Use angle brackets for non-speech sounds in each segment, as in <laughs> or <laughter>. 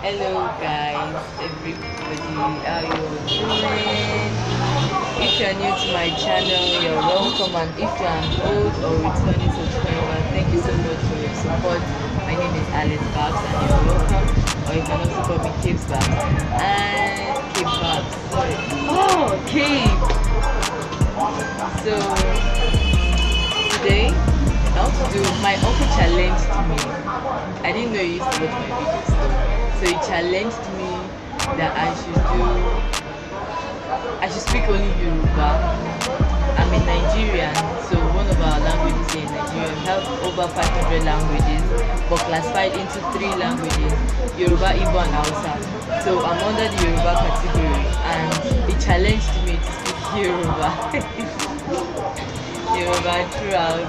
Hello guys, everybody, how you doing? If you are new to my channel, you're welcome and if you are an old or returning subscriber, thank you so much for your support. My name is Alice Babs and you're welcome or you can also call me Capes Babs and Cape Babs, Oh, Cape! So, today I want to do my uncle challenged me. I didn't know you used to watch my videos so he challenged me that I should do, I should speak only Yoruba. I'm a Nigerian, so one of our languages in Nigeria have over 500 languages, but classified into three languages, Yoruba, Igbo and Hausa. So I'm under the Yoruba category and he challenged me to speak <laughs> Yoruba. Yoruba throughout.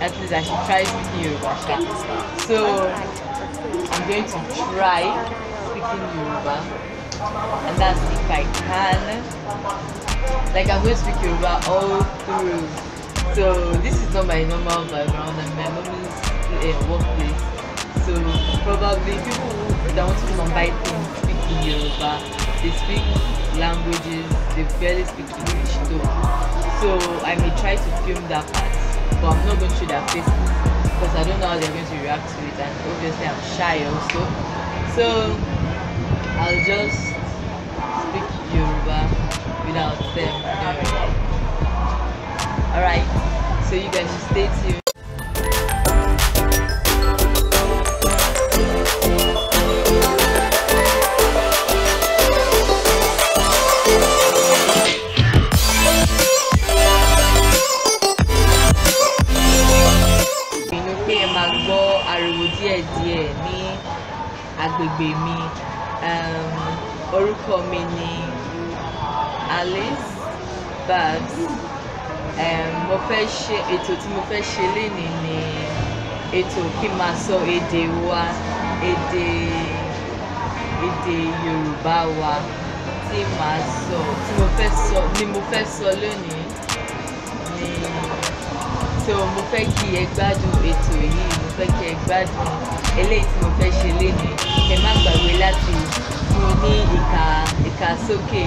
At least I should try speaking Yoruba. So I'm going to try speaking Yoruba, and that's if I can. Like I'm going to speak Yoruba all through. So this is not my normal background and my in uh, workplace. So probably people who don't to combine things speak in Yoruba. They speak languages, they barely speak English though. So I may try to film that part, but I'm not going to show their faces because I don't know how they're going to react to it, and obviously I'm shy also. So I'll just speak Yoruba without them knowing. Alright, so you guys stay tuned. mi Alice Bags um, mo fẹ́ ṣe ètò tí mo fẹ́ ṣe lénìí ni ètò kí n máa sọ èdè wa èdè èdè Yorùbá wa tí màá sọ tí mo fẹ́ sọ ni mo fẹ́ sọ lónìí ni so mo fẹ́ kí ẹ gbádùn ètò yìí mo fẹ́ kí ẹ gbádùn eléyìí tí mo fẹ́ ṣe lénìí ẹ má gbàgbé láti mi ní ìka ìka sókè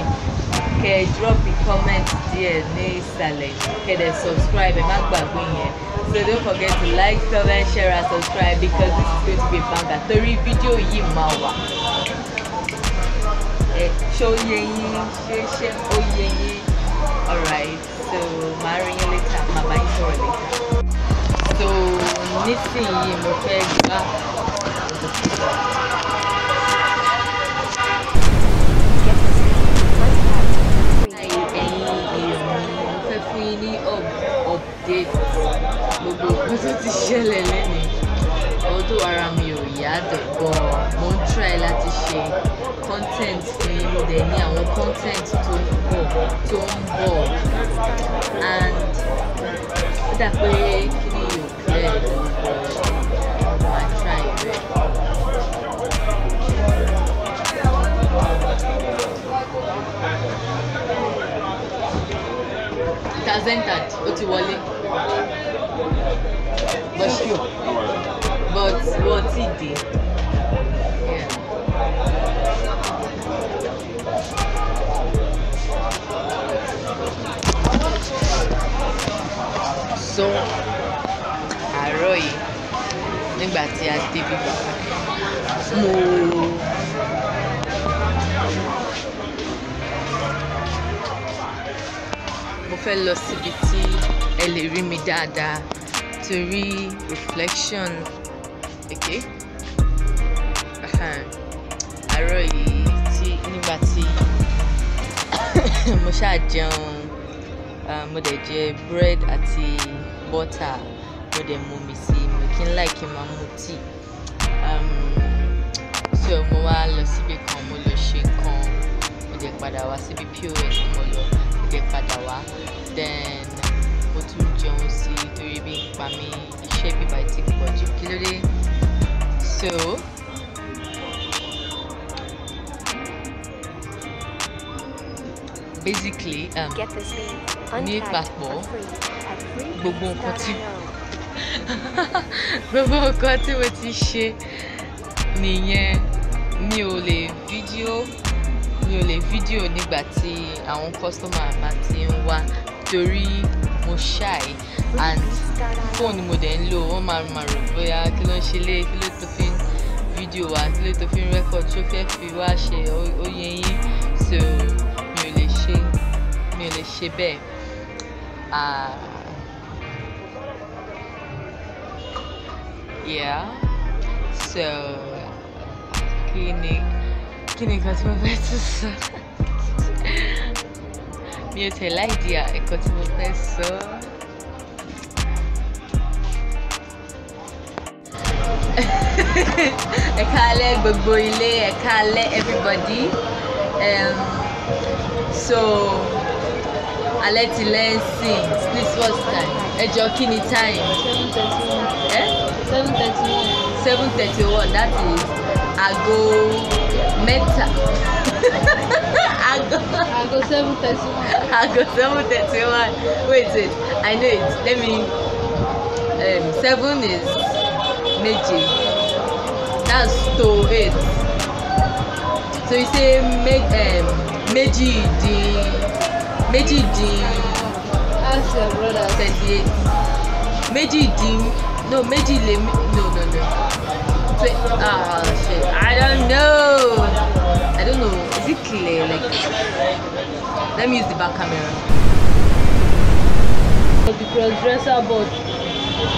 kẹ drop a comment díẹ̀ ní ìsàlẹ̀ kẹ̀dẹ̀ subscribe ẹ má gbàgbé yẹn so don't forget to like comment share and subscribe because this is going to be banger torí fídíò yìí máa wà ẹ ṣó yẹ yín ṣé ṣé ó yẹ alright so màá rí yín later màá bá yín sọ̀rọ̀ later so nísìnyí mo fẹ́ gbá. Mini update gbogbo nǹkan tó ti ṣẹlẹ̀ lẹ́nu although ara mi ò yá dẹ̀ but mo ń try láti ṣe content fún yín mo dẹ̀ ní àwọn content tó ń bọ̀ tó ń bọ̀ and ó dà pé kí ni yóò clear ìlú bọ̀. Mr. Zentad ó ti wọlé but wọ́n ti dé. so àárọ̀ yìí nígbà tí a débi bàbá mo. fẹ́ lọ síbi tí ẹ lè rí mi dáadáa torí reflection okay? àárọ̀ yìí tí nígbà tí <coughs> mo ṣáà jẹun mo dẹ̀ jẹ bread àti butter mo dẹ̀ mu mi sí mo kí n láì kí n máa mu tea tí mo wá lọ síbi kan mo lọ ṣe nǹkan mo dẹ̀ padà wá síbi pos mo lọ gbẹ padà wá then mo tún jẹun sí i torí bí n pa mi iṣẹ́ bíbá ti pọ̀ jù kí ló dé so. basically um, ní papọ̀ gbogbo nǹkan tí <laughs> gbogbo nǹkan tí mo ti ṣe nìyẹn mi ò lè fídíò mi ò lè fídíò nígbà tí àwọn kọ́sítọ́mà bá ti ń wá torí mo ṣáì and fóònù mo dẹ̀ ń lò wọ́n máa ma rò bóyá kí ló ń ṣe lé kí ló tó fi ń fídíò wa kí ló tó fi ń rẹ́kọ̀d tó fẹ́ fi wá ṣe oyè yín so mi ò lè ṣe mi ò lè ṣe bẹ́ẹ̀. Uh, yeah so kí ni kí ni nǹkan tí mo fẹ́ tún sọ mi ò tẹ̀ láì di ẹ̀kọ́ tí mo fẹ́ sọ. ẹ everybody um, so I let lẹ́sìn please what's this was time. A ni time. seven thirty one. Eh? seven thirty one that is aago mẹ́ta <laughs> aago aago seven thirty one aago seven thirty one wait wait I know it let me um, seven is méje that's to eight so you say me, um, méjì dín méjì dín thirty eight méjì dín no méjì lé no no no. straight. Ah, oh, shit. I don't know. I don't know. Is it clear? Like, let me use the back camera. The cross-dresser bus.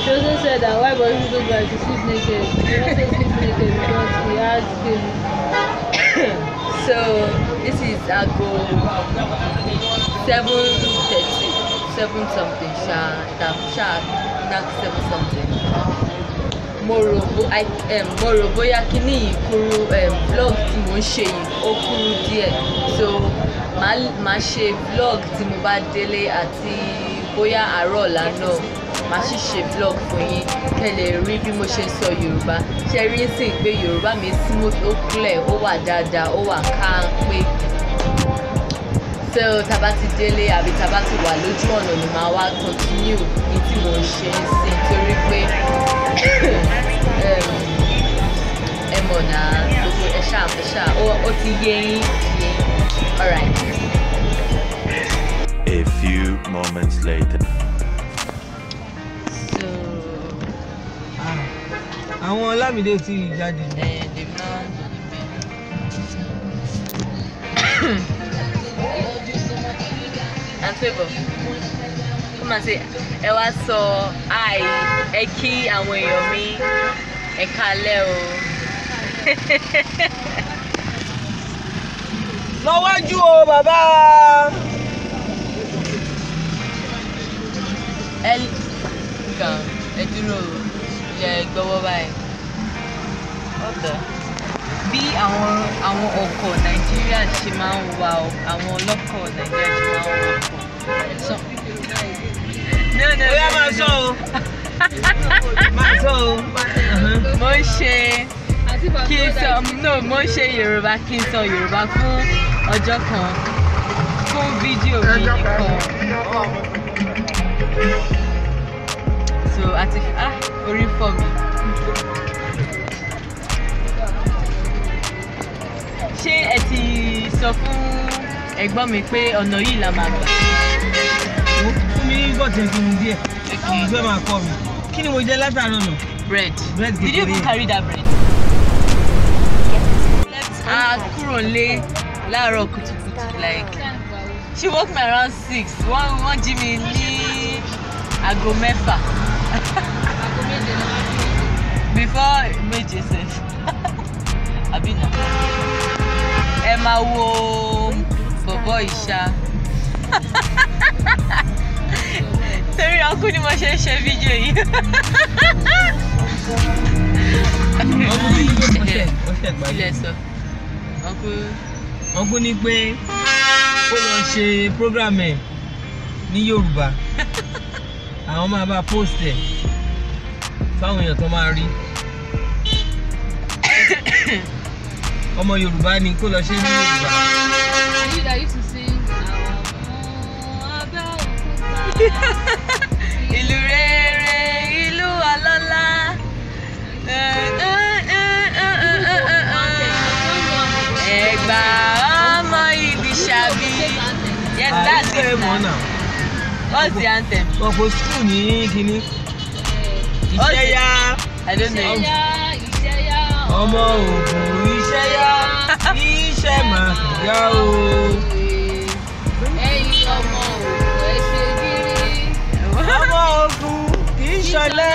Chosen said that why boys look like to sleep naked. He also sleep naked because he has skin. <coughs> so this is our goal. thirty. Seven something. Sha, sha, knock seven something. mo rò mo rò bóyá kíní yìí kúrú vlog tí mò ń ṣe yìí ó kúrú díẹ̀ so màá ṣe vlog tí mo bá délé àti bóyá àárọ̀ ọ̀la náà màá sì ṣe vlog fún yín kẹ́ lè rí bí mo ṣe sọ yorùbá ṣe rí sí pé yorùbá mi smooth ó clear ó wà dáadáa ó wà káàpé tó tá a bá ti délé àbí tá a bá ti wà lójú ọ̀nà ni màá wá continue ní tí mò ń ṣe ń sìn torí pé ehm, ẹ mọ̀ náà gbogbo ẹ ṣáà ẹ ṣáà ó ti yé yín yín alright. A few moments later. Ah. àwọn Lámìdé ti jáde. ẹ ẹ dèmí náà ń jáde bẹ́ẹ̀ and favour come and say ẹ wá sọ hi ẹ kí àwọn èèyàn mi ẹ kalẹ̀ o. mo wájú o bàbá. ẹ kàn ẹ dúró ẹ gbọ́wọ́ báyìí. ọ̀tọ̀. Okay bí àwọn àwọn ọkọ̀ nàìjíríà ṣe máa ń wa àwọn ọlọ́kọ̀ nàìjíríà ṣe máa ń wa ọkọ̀ sọ. bóyá <laughs> máa sọ o máa mo ń ṣe kí n sọ no mo ń ṣe yorùbá kí n sọ yorùbá fún ọjọ́ kan fún fídíò mi nìkan. so àti ah orí fọ́ mi. ṣé ẹ ti sọ fún ẹ̀gbọ́n mi pé ọ̀nà yìí la máa gbà. mi gbọ́ kí n díẹ̀ kí n gbé máa kọ́ mi kí ni mo jẹ látàárọ̀ náà. bread bread did you carry that bread. a kúrò nílé láàárọ̀ kùtùkùtù like she woke me around six wọ́n wọ́n jí mi ní aago mẹ́fà. aago méje náà. before méje sef <laughs> àbí náà ẹ máa wo bọ̀bọ̀ ìṣá torí ọkú ni mo ṣe ń ṣe fídíò yìí. ilé sọ ọkú. ọkú ni pé ó lọ ṣe program ẹ ní Yorùbá <laughs> àwọn máa bá post ẹ fáwọn èèyàn tó máa rí. ọmọ yorùbá ni kó lọ ṣe ní yorùbá. àyíká ìlú rere ìlú ọlọ́lá. ẹ̀gbà ọmọ Ìdìṣàbí. yes that's it na what's the anthem. wọ́n kò sùkúù ní kínní. ìṣẹ́yà ìṣẹ́yà ìṣẹ́yà ọmọ ògùn rí iṣẹ́ mà yá o. ẹ̀yin ọmọ òògùn ṣe gírí. ọmọ ogun kì í ṣọ̀lẹ.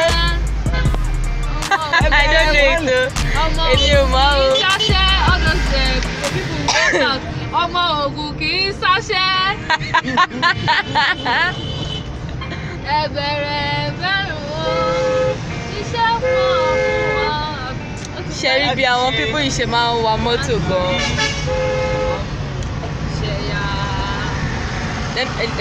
I don't know it o. ọmọ ogun kì í ṣọṣẹ́ all those ọmọ ogun kì í ṣọṣẹ́. ẹ bẹ̀rẹ̀ bẹ̀rù o iṣẹ́ pọ̀ ṣe rí bí àwọn pípọ̀ yìí ṣe máa ń wa mọ́tò gan-an.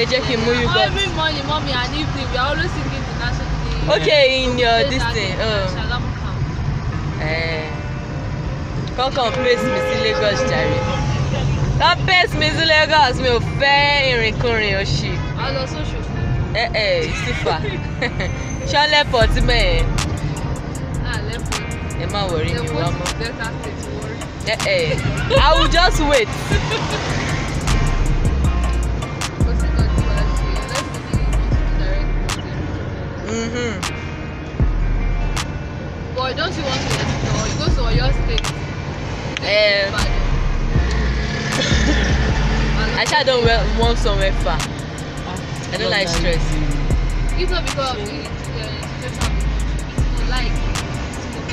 ẹ jẹ́ kí n mú you go. every morning mommy and evening we are always singing the national day. okay in your this thing. kankan pace mi sí Lagos jàre kan pace mi sí Lagos mi ò fẹ́ ìrìnkúrìn òṣì. a lọ sóṣù. ẹ ẹ sífà ṣọlẹ pọ̀ tí bẹ́ẹ̀ ẹ má wọrí mi wá mọ́. ẹ ẹ eh, eh, I will just wait. <laughs> Mm-hmm. Boy, don't you want to explore? You go to Oyo State. Eh. <laughs> I sha don't well, want somewhere far. I don't like stress. It's not because it's uh, situation. It's not like.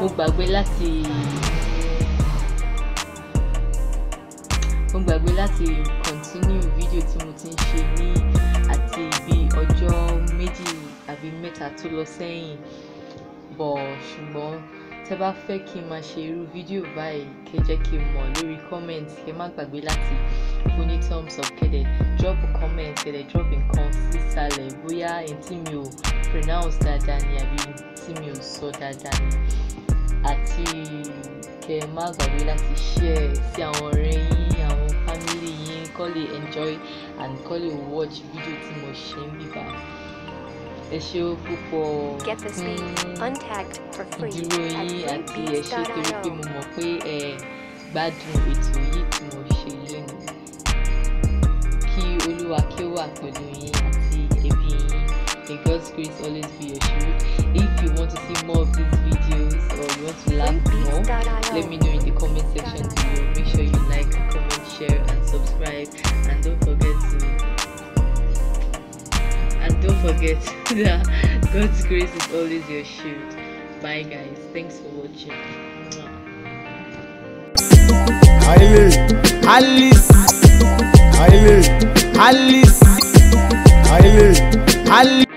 mo gbàgbé láti mo gbàgbé láti continue video tí mo ti ń ṣe ní àti ibi ọjọ́ méjì àbí mẹ́ta tó lọ sẹ́yìn bọ̀ ṣùgbọ́n tẹ́ bá fẹ́ kí n máa ṣe irú fídíò báyìí kẹ́ jẹ́ kí n mọ̀ lórí comment kẹ́ má gbàgbé láti fún ní thumbs up kẹ́dẹ̀ drop a comment kẹ́dẹ̀ drop nǹkan sísàlẹ̀ bóyá èyí tí mi ò pronounce dáadáa ni àbí tí mi ò sọ dáadáa ni àti kẹ́ ẹ má gbàgbé láti share sí àwọn ọ̀rẹ́ yín àwọn family yín kó lè enjoy and kó lè watch video tí mo ṣe ń bíbá ẹ ṣe púpọ̀ fún ìdúró yín àti ẹ ṣe torí pé mo mọ̀ pé ẹ gbádùn ètò yìí tí mo ṣe lónìí kí olúwa kí ó wà pẹ̀lú yín àti ẹbí yín may God's grace always be your shield. if you want to see more of these videos or you want to learn more let me know in the comment section below make sure you like comment share and subscribe and don't forget to and don't forget <laughs> that god's grace is always your shield bye guys thanks for watching Haile, Alice, Haile, Alice, Haile, Alice.